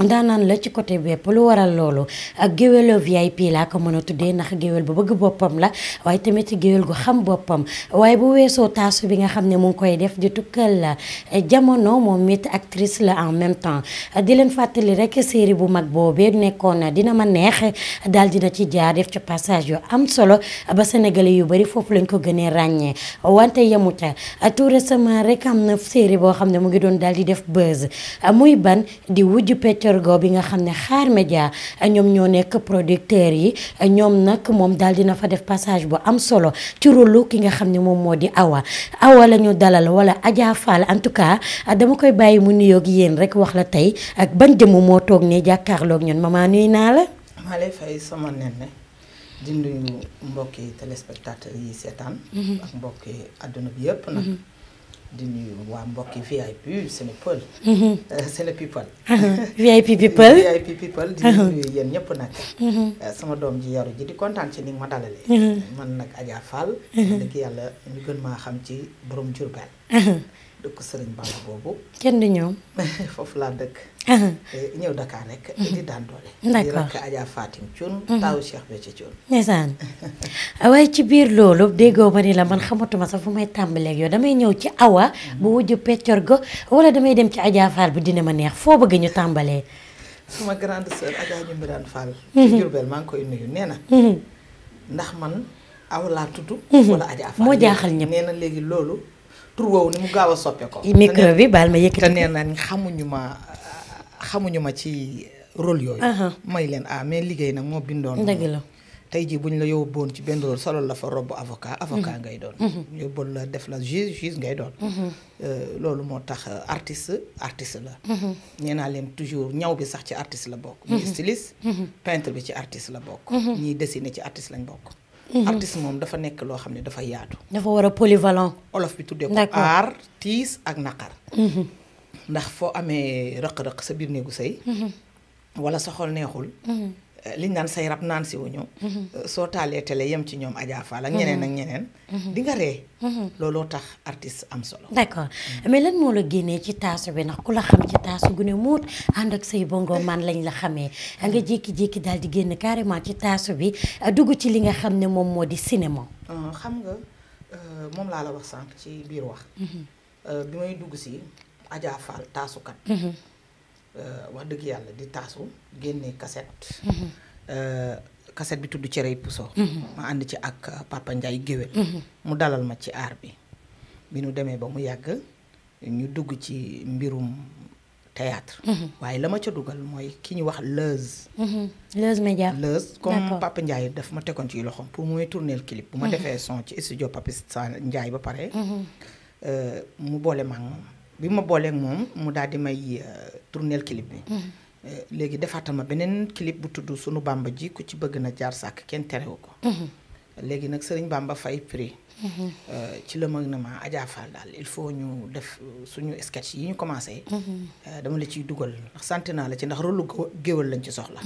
daanaan la ci côté bépp lu waral loolu ak géwélo VIP laa ko mën a tuddee ndax géwél bu bëgg boppam la waaye tamit géwél gu xam boppam waaye bu weesoo taasu bi nga xam ne mu ngi koy def di tukkal la eh, jamono moom it actrice la en même temps di leen fàttali rek série bu mag boobee nekkoon na dina ma neexe daal dina ci jaar def ci passage yu am solo ba sénégalais yu bari foofu lañ ko gënee ràññee wante yemu ca yemuta tout récemment rek am na série boo xam ne mu ngi doon daal di def buzz muy ban di wujju Cërgo bi nga xam ne xaar média ñoom ñoo nekk producteurs yi ñoom nag moom daal dina fa def passage bu am solo ci rôle ki nga xam ne moom moo di awa awa la ñu dalal wala Adja Fall en tout cas dama koy bàyyi mu nuyoog yéen rek wax la tey ak ban jëmm moo toog ne jàkkaarloog ñun maman nuy naa la. maa lay fay sama nenne di nuyu mbokki téléspectateur yi seetaan. Mm-hmm. ak mbokki àdduna bi yëpp nag. Mm-hmm. di nuyu waa mbokki VIP Sénépeul. Séné people. Mhm. VIP people VIP people di mhm. nuyu yéen ñëpp nag. Mhm. Euh, sama doom ji yaru ji di kontaan ci ni ma dalalee. man nag Adja Fall. dëgg yàlla ñu gën maa xam ci borom Diourbel. dëkk sëriñ Bamba boobu. kenn di ñëw. foofu laa dëkk. Eh, ñëw Dakar rek. Mhm. di daan doole. d'accord di rakk Adja Fatim Thioune. Mhm. taawu ci biir loolu déggoo ma la man xamatuma sax fu may tàmbaleeg yow damay ñëw ci awa. Mhm. bu wujju peccor go damay dem ci Adja bu dina ma neex foo bëgg ñu tàmbalee. suma grande sœur Adja maa ngi koy nuyu nee na. ndax man awa laa moo jaaxal ñëpp na léegi loolu. tur woowu ni mu gaaw a soppe ko micro bi baal ma yëkkati te nee ma xamuñu ma ci rôle yooyu may leen ah la tey bu ñu la yóbboon ci benn rôle solo la fa robb avocat avocat mhm. ngay doon mhm. yóbboon la def la juge juge mhm. euh, euh, la ñee naa leen toujours ñaw bi sax ci artiste la bokk ñii styliste peintre bi ci artiste lañ bokk Mhm. artiste moom dafa nekk loo xam ne dafa yaatu. dafa war a polyvalent. olof bi tuddee ko aar tiis ak naqar. Mhm. ndax foo amee rëq-rëq sa biir néegu sëy mhm. wala sa neexul. liñ naan say rab naan si wuñu mhm. euh, soo taalee télé yem ci ñoom Adja Fall ak ñeneen ak mhm. ñeneen mhm. di nga ree looloo tax artiste am solo d'accord mais lan moo la génnee ci taasu bi ndax ku la xam ci taasu gu ne muut ànd ak say bongo euh. man lañ la xamee euh. nga jékki-jékki daal di génn carrément ci taasu bi dugg ci li nga xam ne moom moo di cinéma xam nga moom laa la wax sànq ci biir wax bi may dugg si Adja Fall taasukat Euh, wax dëgg yàlla di taasu génne cassette. Mhm. Euh, cassette bi tudd Cere Puso. Mhm. ma ànd ci ak euh, Papa géwél mhm. mu dalal ma ci aar bi. bi nu demee ba mu yàgg ñu dugg ci mbirum théâtre waaye la ma ca dugal mooy ki ñu wax Leuz. Leuz Média Leuz comme Papa daf ma tegoon ci loxoom pour muy tourneel clip. bu ma defee son ci studio Papa Ndiaye ba pare. mu boole ma moom. bi ma booleeg moom mu daal di may euh, tourneel clip bi. Mm-hmm. Euh, léegi defaatal ma beneen clip bu tudd sunu bàmba ji ku ci bëgg na jaar sàkk kenn terewu ko. Mm-hmm. léegi nag sëriñ bàmba fay prix. Mm-hmm. Euh, ci la mag na ma Adja Fall daal il faut ñu def suñu sketch yi ñu commencé. dama la ciy dugal ndax sant naa la ci ndax rôle géwël lañ ci soxla.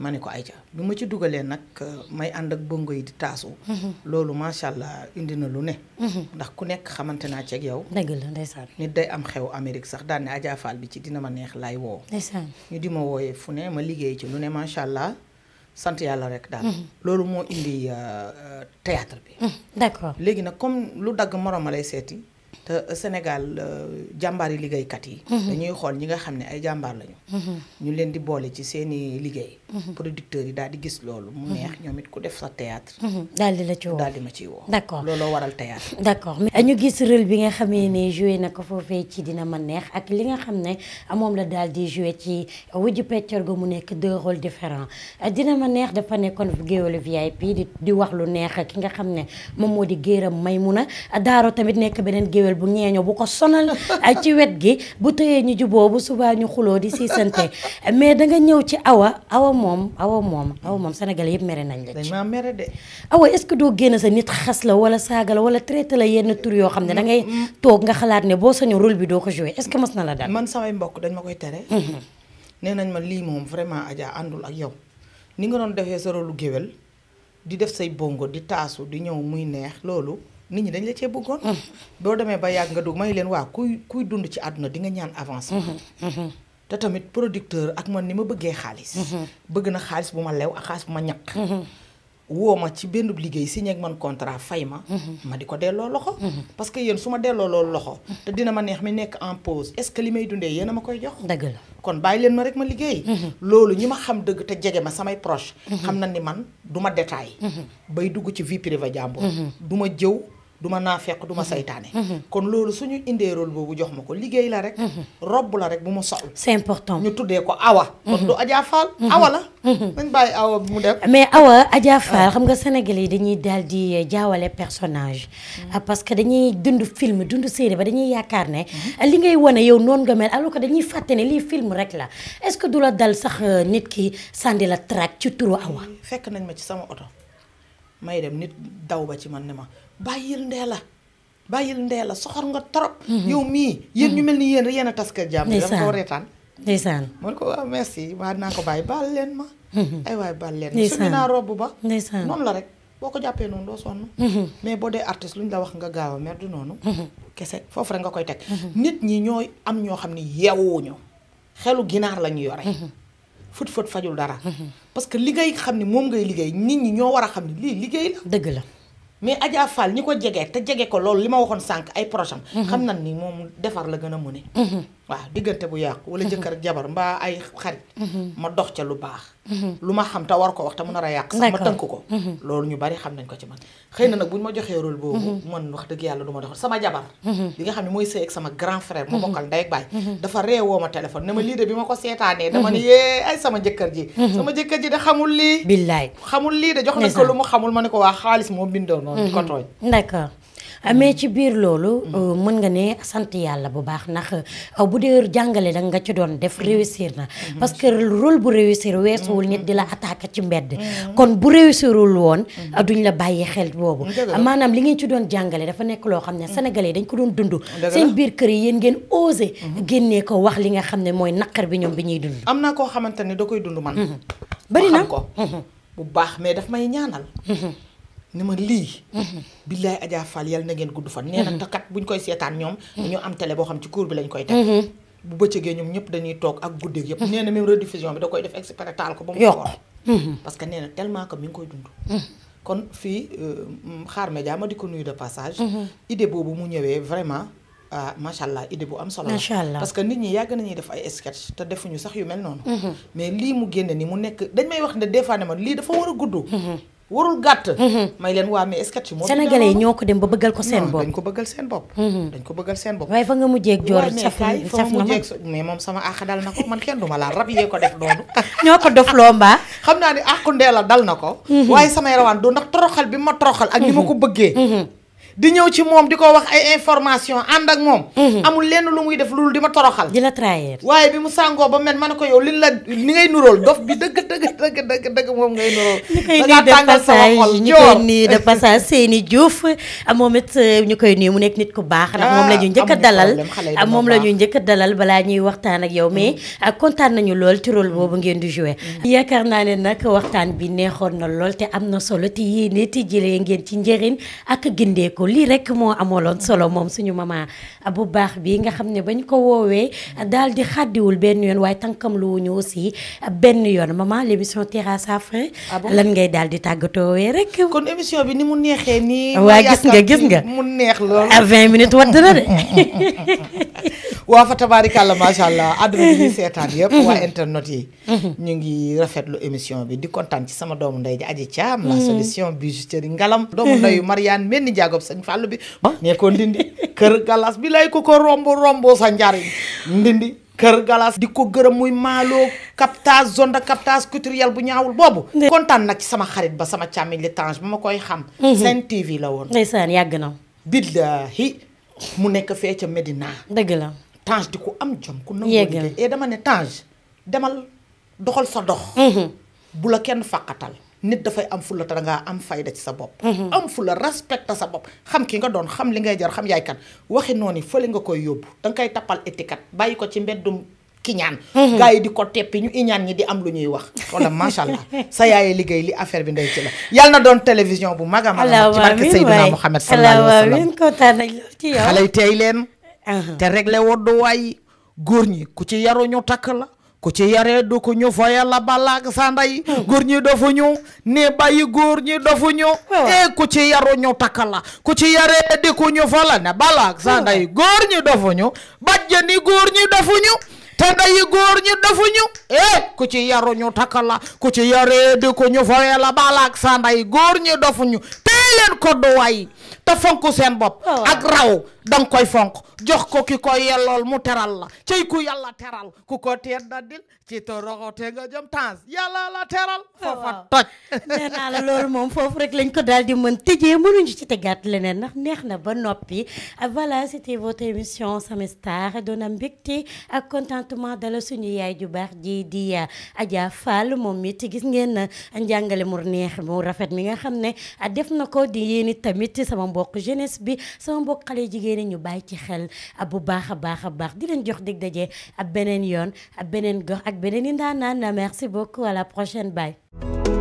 ma ne ko ayca lu ma ci dugalee nag euh, may ànd ak bongo yi di taasu. Mhm. loolu macha allah indi na lu ne. Mhm. ndax ku nekk xamante naa ci ak yow. la ndeysaan nit day am xew Amérique sax daan ne Adja Fall bi ci dina ma neex laay woo. ñu di ma wooyee fu ne ma liggéey ci lu ne macha allah. sant yàlla rek daal. Mhm. loolu moo indi euh, euh, théâtre bi. d'accord léegi nag comme lu dagg moroom a lay seeti. te euh, Sénégal euh, jàmbaari liggéeykat yi. Mhm. dañuy xool ñi nga xam ne ay jàmbaar lañu. Mhm. ñu leen di boole ci seeni liggéey. Mhm. producteurs yi daal gis loolu. mu neex ñoom it ku def sa théâtre. daal la ci woo daal di ma ci woo. d' accord looloo waral théâtre. d' accord euh, ñu gis rôle bi nga xamee ne joué na ko foofee ci dina ma neex ak li nga xam ne moom la daal di joué ci wujju peccor ga mu nekk deux rôles différents dina ma neex dafa nekkoon géwélu VIP di wax lu neex ki nga xam ne moom moo di géeram Maymuna Daaro tamit nekk beneen géwél bu ñeeño bu ko sonal ci wet gi bu tëyee ñu juboo bu subaa ñu xuloo di siisante mais da nga ñëw ci awa awa moom awa moom awa moom sénégalais yëpp mere nañ la ci dañ mere de ce que doo génn sa nit xas la wala saaga la wala traité la yenn tur yoo xam ne da toog nga xalaat ne boo sañu rôle bi doo ko joué est-ce que mas na la daal man samay mbokk dañ ma koy tere mm-hmm. nee nañ ma lii moom vraiment Adja àndul ak yow ni nga doon defee sa rôle géwél di def say bongo di taasu di ñëw muy neex loolu nit ñi dañ la cee bëggoon. Mm-hmm. boo demee ba yàgg nga dugg may leen waa kuy kuy dund ci àdduna di nga ñaan avance. Mm-hmm. Mm-hmm. te tamit producteur ak man ni ma bëggee xaalis. bëgg na xaalis bu ma lew ak bu ma ñaq. woo ma ci benn liggéey signé ak man contrat fay ma. ma di ko delloo loxo. parce que yéen su ma delloo loolu loxo. te dina ma neex mi nekk en pause dundee yéen a ma koy jox. la kon bàyyi leen ma rek ma liggéey. loolu ñi ma xam dëgg te jege ma samay proche. xam na duma ma duma du mhm. mhm. kon lolu suñu indee rôle boobu jox ma liggéey la rek. Mhm. robbu la rek buma ma c'est important ñu tuddé ko awa. kon du Adja Fall awa la. nañ bàyyi awa bi mu def. mais awa Adja ah. Fall xam nga sénégalais dañuy daldi di euh, personnage. Euh, parce que dañuy dund film dund série ba dañuy yaakaar ne. li ngay woné yow non nga mel alors que dañuy faté né li film rek la est-ce que du la dal sax euh, nit ki sandi la track ci turu awa. fekk nañ ma ci sama auto may dem nit daw ba ci man ne ma bàyyil ndee la bàyyil ndee la soxor nga trop. Mhm. yow mii yéen ñu mhm. mel ni yéen yéen a taska jàmm. ndeysaan dama ko reetaan. ndeysaan man ko naa ko bàyyi baal leen ma. Mhm. ay waay baal leen ma su ba. ndeysaan noonu la rek boo ko jàppee noonu doo sonn. mais boo dee artiste lu ñu la wax nga gaaw a noonu. kese foofu rek nga koy teg. nit ñi ñooy am ñoo xam ni yeewuñu xelu ginaar la ñu yore. fët fët fajul dara. parce que li ngay xam ne moom ngay liggéey nit ñi ñoo war a xam ni lii liggéey la. dëgg la mais Adja Fall ñi ko jege te jege ko loolu li ma waxoon sànq ay projet mhm. xam nañ nii moom defar la gën a mën mhm. waaw diggante bu yàqu wala jëkkër ak jabar mbaa ay xarit mhm. ma dox ca lu baax mhm. lu ma xam te war ko wax te mu nar a yàq sax ma tënk ko mhm. loolu ñu bari xam nañ ko ci man xëy na nag bu ñu ma joxee rôle boobu man wax dëgg yàlla du ma dox sama jabar bi nga xam ne mooy sëy ak sama grand frère ma bokkal ndey ak baay dafa reewoo ma téléphone ne ma lii de bi ma ko seetaanee dama ne yee ay sama jëkkër ji sama jëkkër ji de xamul lii billaay xamul lii de jox nañ ko lu mu xamul ma ne ko waa xaalis moo bindoo noonu di ko tooñ amee ah, ci biir loolu. Euh, mën nga ne sant yàlla bu baax ndax euh, bu dee jàngale da nga ci doon def réussir na. Mm-hmm. parce que role bu réussir weesuwul nit di la attaqué ci mbedd. Mm-hmm. kon bu réussirul woon. Mm-hmm. Ah, duñ la bàyyi xel boobu. Ah, maanaam li ngeen ci doon jàngale dafa nekk loo xam ne sénégalais dañ ko doon dund. seen biir kër yi yéen ngeen osé. génne ko wax li nga xam ne mooy naqar bi ñoom bi ñuy dund. am na koo xamante ne doo koy dund man. bari bu baax mais daf ne ma lii. Mhm. billaay Adja Fall yal na ngeen gudd fan. nee na mhm. buñ koy seetaan ñoom. Mhm. dañoo am télé boo xam ci cour bi lañ koy teg. bu bëccëgee ñoom ñëpp dañuy toog ak guddeeg yëpp. nee na même bi da def exprès taal euh, boobu mu ñëwee vraiment. ah allah idée bu am solo la parce que nit ñi yàgg nañuy def ay sketch te defuñu sax yu mel noonu. mais lii mu génne ni mu nekk dañ may wax ne des ne ma lii dafa war a gudd. warul gàtt. Mhm. may leen waa mais sketch moo. ñoo ko dem ba bëggal ko seen bopp. Mhm. dañ ko bëggal seen bopp. waaye fa nga mujjee joor saf na mais moom sama àq dal na ko man kenn duma laal rab yee ko def doonu ñoo ko dof loo mbaa. xam naa ne àqu ndee dal na ko. Mhm. waaye samay rawaan du ndax toroxal bi ma toroxal. ak ni ma ko bëggee. di ñëw ci moom di ko wax ay information ànd ak moom mhm. amul lenn lu muy def loolu di ma toroxal di la trahir waaye bi mu sàngoo ba mel ma ko yow li la li ngay nurool dof bi dëgg dëgg dëgg dëgg moom ngay nurool ñu koy nuyu de passage ñu koy nuyu de passage moom it euh, ñu koy nuyu mu nekk nit ku baax ndax moom la ñu ah, njëkk a dalal ah, moom la ñu njëkk dalal balaa ñuy waxtaan ak yow mm. mais ah, kontaan nañu lool ci rôle boobu ngeen di jouer mm. yaakaar naa ne nag waxtaan bi neexoon na lool te am na solo te yéene te jëlee ngeen ci njëriñ ak gindeeku lii rek moo amoloon solo moom suñu maman bu baax bi nga xam ne bañ ko woowee daal di xàddiwul benn yoon waaye tànkam lu wuñu aussi benn yoon mamaa l'émission tire à sa fin ah lan ngay daal di tàggatoowee rek kon émission bi ni mu neexee nii waa gis nga gis nga mu neex lool à ah, vingt minutes wadd na de waa fa tabaarikàlla macha allah àdduna bi seetaan yëpp waa internet yi. Mhm. ñu ngi rafetlu émission bi di kontaan ci sama doomu ndey ji aji caam la mhm. solution ngalam. doomu ndeyu Marianne mel ni jaagob sëñ Fallou bi. ne ko ndindi kër galas bi lay ko ko rombo rombo sa njariñ ndindi. kër galas di ko gërëm muy maaloo captage zone de captage culturel bu ñaawul boobu kontaan nag ci sama xarit ba sama càmmiñ li tange ma koy xam mhm. Sen TV la woon ndeysaan yàgg na billaahi mu nekk fee ca Medina dëgg la Tange di ku am jom ku nangoo liggéey et eh, dama ne Tange demal doxal sa dox mm-hmm. bu la kenn fàqatal nit dafay am fulla te dangaa am fayda ci sa bopp mm-hmm. am fulla respecte sa bopp xam ki nga doon xam li ngay jar xam yaay kan waxi noonu fële nga koy yóbbu danga koy tappal étiquette bàyyi ko ci mbeddum kiñaan mm-hmm. gars yi di ko teppi ñu iñaan ñi di am lu ñuy wax wala macha allah sa yaayee liggéey li affaire bi ndey ci la yal na doon télévision bu mag a ci barke Uh-huh. te réglé wodduwaay góor ñi ku ci yaru ñu takk la ku ci yaree du ko ñu fa yàlla balaak góor ñi dofu ñu ne bàyyi góor ñi dofu ñu e ci yaru ñu takk la ku ci yaree di ko ñu fa la ne balaak sa uh-huh. ndey góor ñi dofu ñu bàjjani góor ñi dofu ñu te ndeyi góor ñi dafu ñu eh ku ci yaru ñu takk la ku ci yaree di ko ñu fa yàlla balaak sa ndey góor ñi dofu ñu may leen koddu waay te fonk seen bopp oh. ak raw danga koy fonk jox ko ki koy yellool mu teral la cey ku yàlla teral ku ko teer daddil ci toroxote nga jëm tans yàlla la teral foofa toj nee naa la loolu moom foofu rek lañ ko daal di mën tëjee mënuñu ci tegaat leneen ndax neex na ba noppi voilà c'était votre émission Sama Star doon am mbégte ak contentement dala suñu yaay ju baax ji di euh, Adja Fall moom it gis ngeen euh, njàngale mu neex mu rafet mi nga xam ne euh, def na ko di yéen tamit sama mboq jeunesse bi sama mboq xale jigéen ñu bàyyi ci xel bu baax a baax a baax di leen jox dig daje beneen yoon Beneninda, Nana, merci beaucoup, à la prochaine, bye.